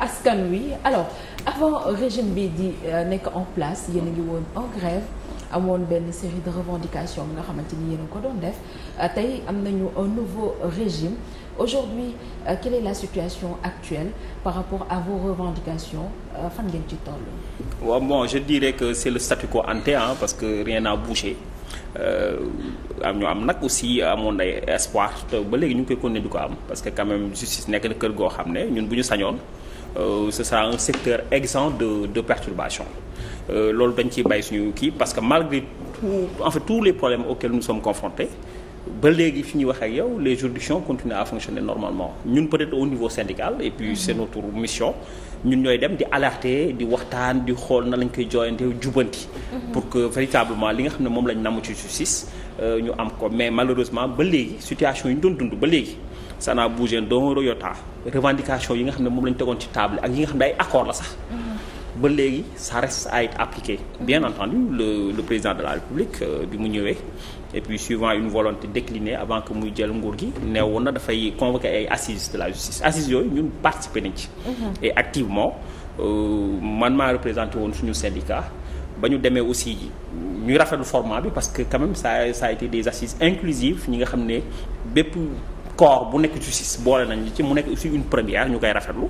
askan wi alors avant régime bi di euh, nekk en place yéen a ngi woon en grève amoon benn série de revendications bi nga xamante ni yéen ko doon def euh, tey am nañu un nouveau régime aujourd'hui euh, quelle est la situation actuelle par rapport à vos revendications fan ngeen ci toll. waaw bon je dirais que c'est le statu quo ante parce que rien n'a Euh, am ñu am nag aussi amoon ay espoir te ba léegi ñu ngi koy continuer di ko am parce que quand justice nekk na kër goo xam ne ñun bu ñu sañoon euh, ce sera un secteur exempt de de perturbation euh, loolu dañ ciy bay suñu kii parce que malgré tout en fait tous les problèmes auxquels nous sommes confrontés ba léegi fi ñuy wax ak yow les juridictions continuent à fonctionner normalement ñun peut-être au niveau syndical et puis c'est mm-hmm. notre mission ñun ñooy dem di alerter di waxtaan di xool na lañ koy joyante jubbanti mm-hmm. pour que véritablement li nga xam ne moom lañ namu ci justice euh, ñu am ko mais malheureusement ba léegi situation yi ñu doon dund ba léegi sana n'a bougé d'un iota revendication yi nga xam ne moom lañ tegoon ci table ak yi nga xam ne ay accord la sax mm-hmm. ba léegi sa reste à être appliqué bien entendu le le président de la république euh, bi mu ñëwee et puis suivant une volonté déclinée avant que muy jël nguur gi ne woon na dafay convoquer ay assises de la justice assises yooyu ñun participer nañ ci mhm. et activement euh, man maa représenté woon suñu syndicat ba ñu demee aussi ñuy rafetlu format bi parce que quand même ça ça a été des assises inclusives ñi nga xam ne bépp corps bu nekk justice boole nañ ci mu nekk aussi une première ñu koy rafetlu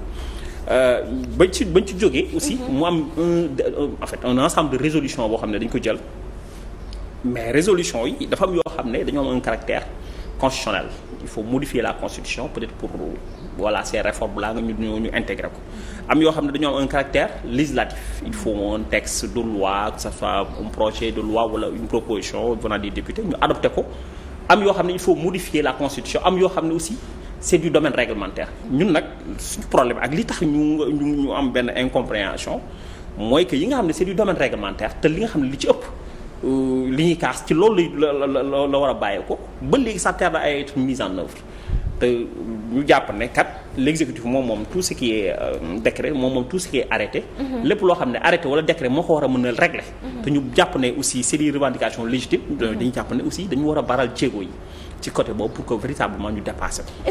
Euh, bañ ci bañ ci jógee aussi mhm. mu am un en fait un ensemble de résolution boo xam ne dañ ko jël mais résolution yi dafa am yoo xam ne dañoo am un caractère constitutionnel il faut modifier la constitution peut-être pour voilà ces réformes là nga ñu ko am yoo xam ne dañoo am un caractère législatif il faut un texte de loi que ça soit un projet de loi wala une proposition venant des députés ñu adopté ko am yoo xam ne il faut modifier la constitution am yoo xam ne aussi c'est du domaine réglementaire ñun nag suñu problème ak li tax ñu ñu am benn incompréhension mooy que yi nga xam ne c'est du domaine réglementaire te li nga xam ne li ci ëpp euh, li ñuy kaas ci loolu la la la war a bàyyi ko ba léegi sax tarde à être mise en œuvre te ñu jàpp ne kat l'exécutif moom moom tout ce euh, moom moom tout ce qui mm-hmm. lépp loo xam ne arrêté wala décret moo ko war a mën a régler. Mm-hmm. te ñu jàpp ne aussi c'est des revendications légitimes. Mm-hmm. dañu jàpp ne aussi dañu war a baral jéego yi ci côté boobu pour que véritablement ñu dépassé ko.